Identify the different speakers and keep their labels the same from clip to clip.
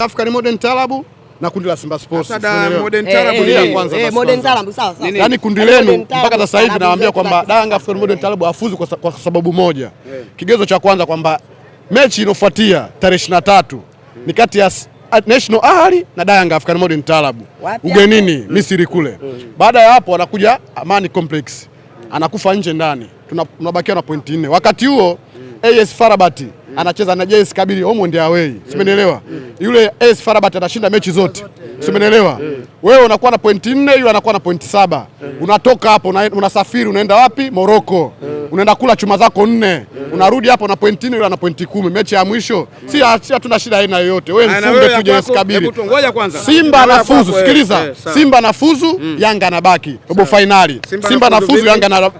Speaker 1: East African Modern Taarabu na kundi la Simba Sports. Yaani eh, kundi lenu mpaka sasa hivi nawaambia kwamba Yanga African Modern eh. Taarabu afuzu kwa sababu moja. Kigezo cha kwanza kwamba mechi inofuatia tarehe 23 mm. ni kati ya National Ahli na Yanga African Modern Taarabu ugenini Misri kule. Mm. Mm. Baada ya hapo anakuja Amani Complex. Anakufa nje ndani. Tunabakia na pointi nne. Wakati huo AS Farabati anacheza na JS Kabili home and away, simenielewa? Mm. Yule AS farabat anashinda atashinda mechi zote simenelewa yeah. Wewe unakuwa na pointi nne, yule anakuwa na pointi saba yeah. Unatoka hapo unasafiri una unaenda wapi? Moroko yeah. Unaenda kula chuma zako nne yeah. Unarudi hapo na pointi nne, yule ana pointi kumi. Mechi ya mwisho yeah. Si hatuna shida aina yoyote, wewe mfunge tu Jesi Kabiri. Simba anafuzu, sikiliza eh, eh, Simba anafuzu mm. Yanga anabaki robo finali. Simba anafuzu, Yanga na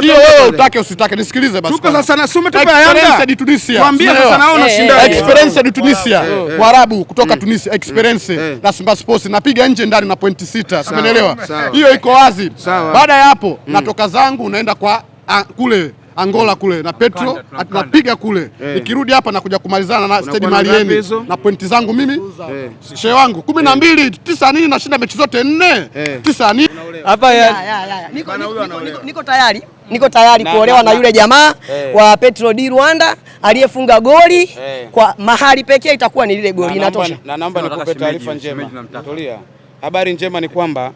Speaker 1: hiyo, wewe utake usitake, nisikilize basi.
Speaker 2: Tuko sasa na sume Yanga
Speaker 1: experience ya Tunisia,
Speaker 2: mwambie sasa, naona shindano
Speaker 1: experience ya Tunisia, eh, Waarabu kutoka mm. Tunisia mm. experience na Simba Sports napiga nje ndani na pointi sita, umeelewa? Hiyo iko wazi. Baada ya hapo mm. natoka zangu naenda kwa a, kule Angola kule na Petro napiga kule eh. nikirudi hey. hapa nakuja kumalizana na Stade Malieni na pointi zangu mimi hey. Eh. Shehe wangu kumi na eh. mbili hey. tisa nini nashinda mechi zote nne hey. tisa nini
Speaker 3: hapa ya, ya, ya, ya. Niko, niko, niko, niko tayari niko tayari kuolewa na, na yule jamaa hey. wa Petro di Rwanda aliyefunga goli hey, eh. kwa mahali pekee itakuwa ni lile goli. Inatosha.
Speaker 1: Na naomba nikupe taarifa njema. Tulia. Habari njema ni kwamba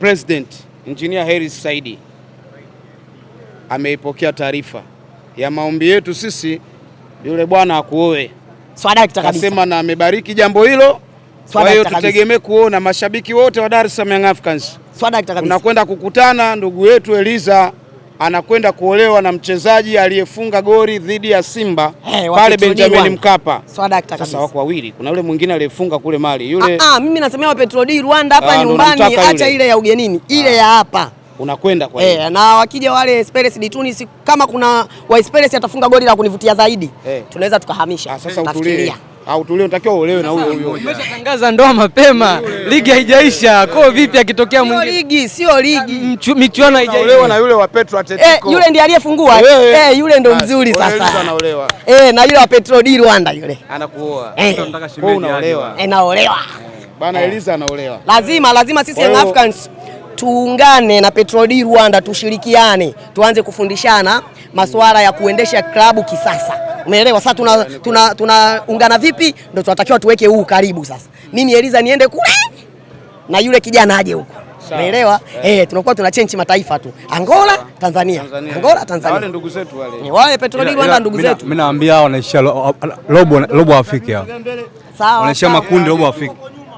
Speaker 1: President Engineer Harris Saidi ameipokea taarifa ya maombi yetu sisi, yule bwana akuoe asema, na amebariki jambo hilo. Kwa hiyo tutegemee kuona mashabiki wote wa Dar es Salaam Young Africans tunakwenda kukutana ndugu yetu Eliza anakwenda kuolewa na mchezaji aliyefunga goli dhidi ya Simba hey, eh, pale Benjamin Mkapa. Sasa wako wawili, kuna yule mwingine aliyefunga kule Mali yule...
Speaker 3: ah, ah, mimi nasemea Petro di Rwanda hapa ah, nyumbani, acha ile ya ugenini, ile ah, ya hapa unakwenda kwa hey, eh, na wakija wale Esperance di Tunis, kama kuna wa Esperance atafunga goli la kunivutia zaidi hey, eh. tunaweza tukahamisha. ah,
Speaker 1: sasa utulie au tulio unatakiwa uolewe na huyo huyo.
Speaker 2: Umeshatangaza ndoa mapema, ligi haijaisha. Kwa hiyo vipi akitokea mwingine?
Speaker 3: Sio Ligi sio
Speaker 2: ligi, michuano haijaisha.
Speaker 1: Uolewa na yule wa Petro eh, Atletico.
Speaker 3: Eh, yule ndiye aliyefungua. Eh, eh. eh yule ndo mzuri sasa. Eh, na yule wa Petro di Rwanda yule.
Speaker 1: Anakuoa. Unataka shemeji unaolewa. Eh, naolewa. Bana Eliza anaolewa.
Speaker 3: Lazima lazima sisi Young Africans tuungane na Petro di Rwanda tushirikiane, tuanze kufundishana masuala ya kuendesha klabu kisasa. Umeelewa? Sasa tuna tunaungana tuna, tuna vipi? Ndio tunatakiwa tuweke huu karibu sasa. Mimi Eliza niende kule na yule kijana aje huko. Umeelewa? Eh, eh, tunakuwa tuna change mataifa tu. Angola, Tanzania. Angola, Tanzania.
Speaker 1: Wale ndugu zetu wale.
Speaker 3: Ni wale Petroli wanda ndugu zetu.
Speaker 1: Mimi naambia hao wanaishia robo robo hao. Sawa. Wanaisha makundi robo Afrika.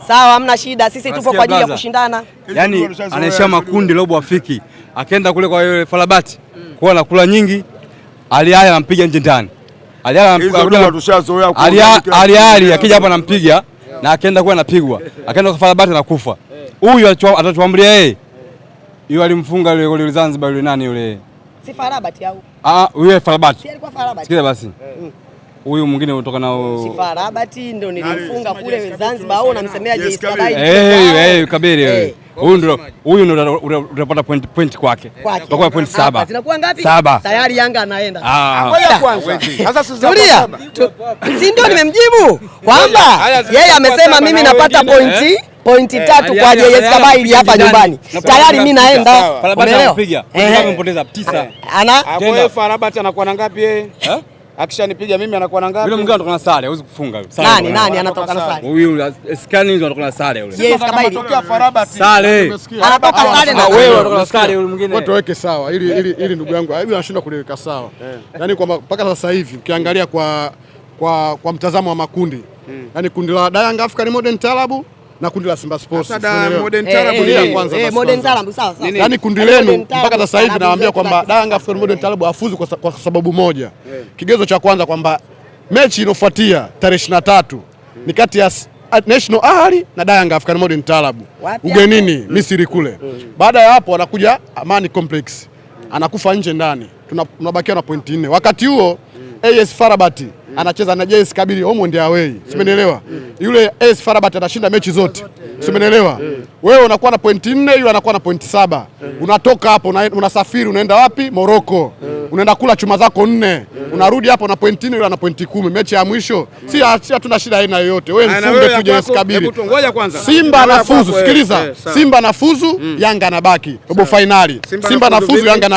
Speaker 3: Sawa, hamna shida. Sisi tupo kwa ajili ya kushindana.
Speaker 1: Yaani anaisha makundi robo afiki. Akaenda kule kwa yule Falabati. kwa anakula nyingi, Aliaya anampiga nje ndani. Aliali akija hapa anampiga na akaenda kuwa anapigwa, akaenda kufanya bati na kufa. Huyu atatuambulia yeye, yule alimfunga yule Zanzibar yule nani yule,
Speaker 3: si Farabati au
Speaker 1: ah, ah yule Farabati, si alikuwa Farabati, sikia basi eh. huyu mwingine kutoka
Speaker 3: nilimfunga kule Zanzibar. Au Kabiri?
Speaker 1: Eh, eh, eh Kabiri huyu ndo utapata point point kwake, kwa point saba. Zinakuwa ngapi? Saba.
Speaker 3: Tayari Yanga anaenda.
Speaker 2: Ah. sasa. Tulia,
Speaker 3: si ndio nimemjibu kwamba yeye amesema mimi napata pointi eh? pointi eh, tatu kwa JS ili hapa nyumbani, tayari mimi naenda.
Speaker 1: Umeelewa? Anampoteza eh. tisa. Ana anakuwa na ngapi yeye? eh? akishanipiga mimi anakuwa na ngapi?
Speaker 2: Yule mwingine anatoka na sare, hawezi kufunga
Speaker 3: Nani nani anatoka na sare?
Speaker 2: Huyu yule scan hizo anatoka na sare yule.
Speaker 3: Yes, kama ile
Speaker 1: tokea Faraba sare.
Speaker 3: Anatoka sare
Speaker 2: na wewe anatoka na sare yule mwingine.
Speaker 1: Wote weke sawa ili ili ili ndugu yangu, hebu anashindwa kuliweka sawa. Eh. Yaani kwa mpaka sasa hivi ukiangalia kwa kwa kwa mtazamo wa makundi. Hmm. Yaani kundi la Yanga ni Modern Taarabu na kundi la Simba Sports.
Speaker 2: Eh, eh,
Speaker 3: eh,
Speaker 1: yaani kundi lenu mpaka sasa hivi nawaambia kwamba Danga African Modern Taarab afuzu kwa sababu moja. Kigezo cha kwanza kwamba mechi inofuatia tarehe 23 ni kati ya National Ahli na Yanga African Modern Taarab ugenini Misri kule. Mm. Mm. Baada ya hapo anakuja Amani Complex. Anakufa nje ndani. Tunabakia na pointi nne. Wakati huo mm. AS Farabati anacheza na JS Kabylie homo ndio away, simenielewa? Mm. Yule AS Farabat atashinda mechi zote, simenielewa? Mm. Mm. Wewe unakuwa na pointi nne, yule anakuwa na pointi saba. Unatoka hapo unasafiri unaenda wapi? Morocco unaenda kula chuma zako nne, unarudi hapo na pointi nne, yule na pointi kumi. Mechi ya mwisho si hatuna shida aina yoyote, wewe mfunge tuje usikabili. Simba nafuzu, sikiliza, eh, Simba nafuzu, Yanga mm. baki robo fainali. Simba nafuzu, Yanga na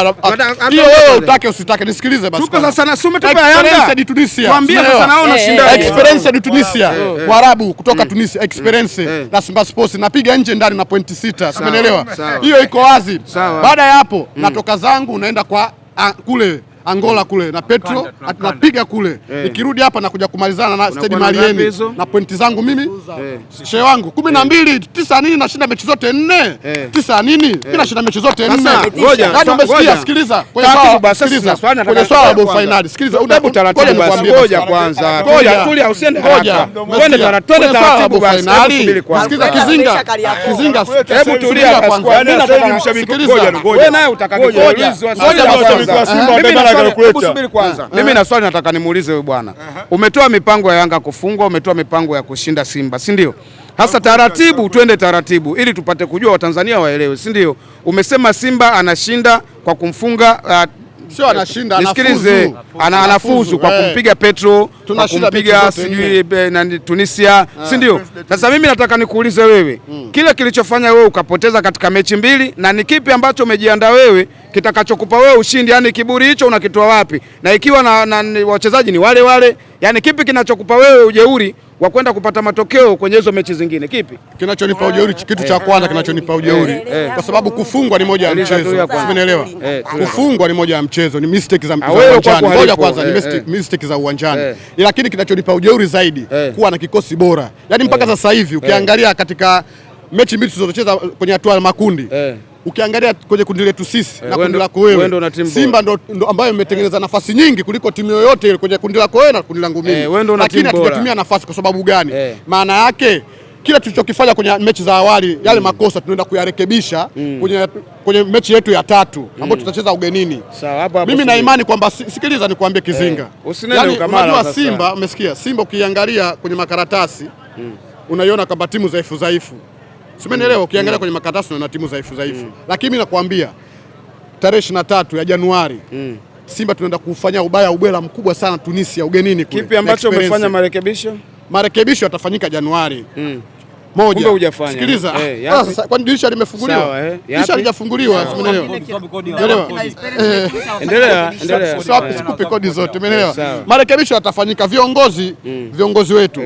Speaker 1: hiyo, wewe utake usitake, nisikilize basi.
Speaker 2: Tuko sasa na sume tupo Yanga di Tunisia, mwambie sasa, naona eh, shindani
Speaker 1: eh, experience di Tunisia, Waarabu kutoka mm. Tunisia, mm. experience na Simba Sports napiga nje ndani na pointi sita, umeelewa? Hiyo iko wazi. Baada ya hapo natoka zangu, unaenda kwa ah, kule Angola kule na Petro tunapiga kule eh. Nikirudi hapa nakuja kumalizana na Stade marieni na pointi zangu mimi eh, eh. Shehe wangu kumi na eh. mbili tisa nini, nashinda mechi zote nne hey. Eh. tisa nini hey. Nashinda mechi zote nne hadi yaani umesikia. Sikiliza kwenye swala la robo finali. sikiliza kizinga kizinga sikiliza Subiri kwanza, mimi na swali nataka nimuulize huyu bwana. Umetoa mipango ya Yanga kufungwa, umetoa mipango ya kushinda Simba, si ndio? Hasa taratibu, twende taratibu ili tupate kujua Watanzania waelewe, si ndio? Umesema Simba anashinda kwa kumfunga uh, sio anashinda, nisikilize, ana anafuzu kwa eh. kumpiga Petro, kwa kumpiga sijui Tunisia, eh, si ndio? Sasa mimi nataka nikuulize wewe, mm. kile kilichofanya wewe ukapoteza katika mechi mbili, na ni kipi ambacho umejiandaa wewe kitakachokupa wewe ushindi? Yani kiburi hicho unakitoa wapi? Na ikiwa na, na wachezaji ni wale wale, yani kipi kinachokupa wewe ujeuri wa kwenda kupata matokeo kwenye hizo mechi zingine. Kipi
Speaker 2: kinachonipa eh. ujeuri? Kitu cha eh. kwanza kinachonipa eh. ujeuri, kwa sababu kufungwa ni moja ya mchezo, umeelewa? Kufungwa ni moja ya mchezo, ni mistake za ah, uwanjani. Moja kwanza ni mistake za uwanjani, lakini kinachonipa ujeuri zaidi kuwa na kikosi bora, yaani mpaka sasa hivi ukiangalia katika mechi mbili tulizocheza kwenye hatua ya makundi ukiangalia kwenye kundi letu sisi eh, na kundi lako wewe, Simba ndo, ndo ambayo imetengeneza eh. nafasi nyingi kuliko timu yoyote ile kwenye kundi lako wewe na kundi langu mimi eh, lakini hatujatumia nafasi. Kwa sababu gani? maana yake kila tulichokifanya kwenye mechi za awali yale mm. makosa tunaenda kuyarekebisha mm. kwenye, kwenye mechi yetu ya tatu ambayo mm. tutacheza ugenini. Sawa, hapo hapo mimi na imani kwamba, sikiliza nikwambie Kizinga, eh, yani, unajua Simba, umesikia Simba ukiangalia kwenye makaratasi mm. unaiona kwamba timu dhaifu dhaifu Simenielewa? Mm. Ukiangalia mm. kwenye makatasi na timu dhaifu dhaifu, mm. lakini mimi nakwambia tarehe 23 ya Januari Simba tunaenda kufanya ubaya ubwela mkubwa sana Tunisia ugenini
Speaker 1: kule. Kipi ambacho umefanya marekebisho?
Speaker 2: Marekebisho yatafanyika Januari mm moja hujafanya. Sikiliza. Eh, Sasa kwani dirisha limefunguliwa? Eh, dirisha halijafunguliwa, umeelewa? Eh. Endelea, endelea. Sasa sikupe kodi zote, umeelewa? Marekebisho yatafanyika. Viongozi, mm. viongozi wetu,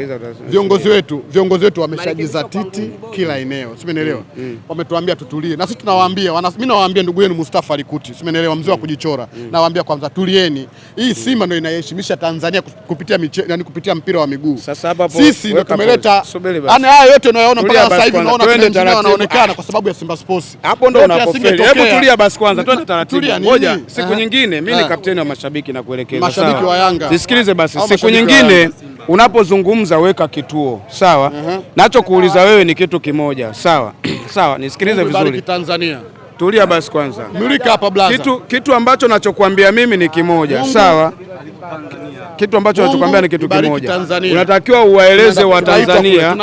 Speaker 2: viongozi wetu, viongozi wetu wameshajizatiti kila eneo, umeelewa? Mm, mm. Wametuambia tutulie, na sisi tunawaambia, mimi nawaambia ndugu yenu Mustafa Alikuti, umeelewa? Mzee wa kujichora, nawaambia kwanza tulieni. Hii Simba ndio inaheshimisha Tanzania kupitia michezo, yani kupitia mpira wa miguu. Sisi ndio tumeleta, Ana yaani haya yote tunayoona mpaka sasa hivi unaona kwenye naona wanaonekana kwa sababu ya Simba Sports. Hapo ndo unapofeli. Hebu tulia basi kwanza, twende taratibu. Ngoja eh? siku nyingine, mimi ni ah. kapteni wa mashabiki na kuelekeza. Mashabiki wa Yanga. Nisikilize basi, siku nyingine unapozungumza weka kituo sawa. Mhm. Nacho kuuliza wewe ni kitu kimoja sawa sawa, nisikilize vizuri.
Speaker 1: Tanzania Tulia basi kwanza. Mulika hapa blaza. Kitu, kitu ambacho nachokuambia mimi ni kimoja Mungu. Sawa, kitu ambacho nachokuambia ni kitu kimoja. Unatakiwa uwaeleze wa Watanzania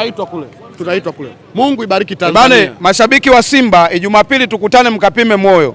Speaker 2: tunaitwa kule. Mungu ibariki
Speaker 1: Tanzania. Bane, mashabiki wa Simba Jumapili tukutane mkapime moyo.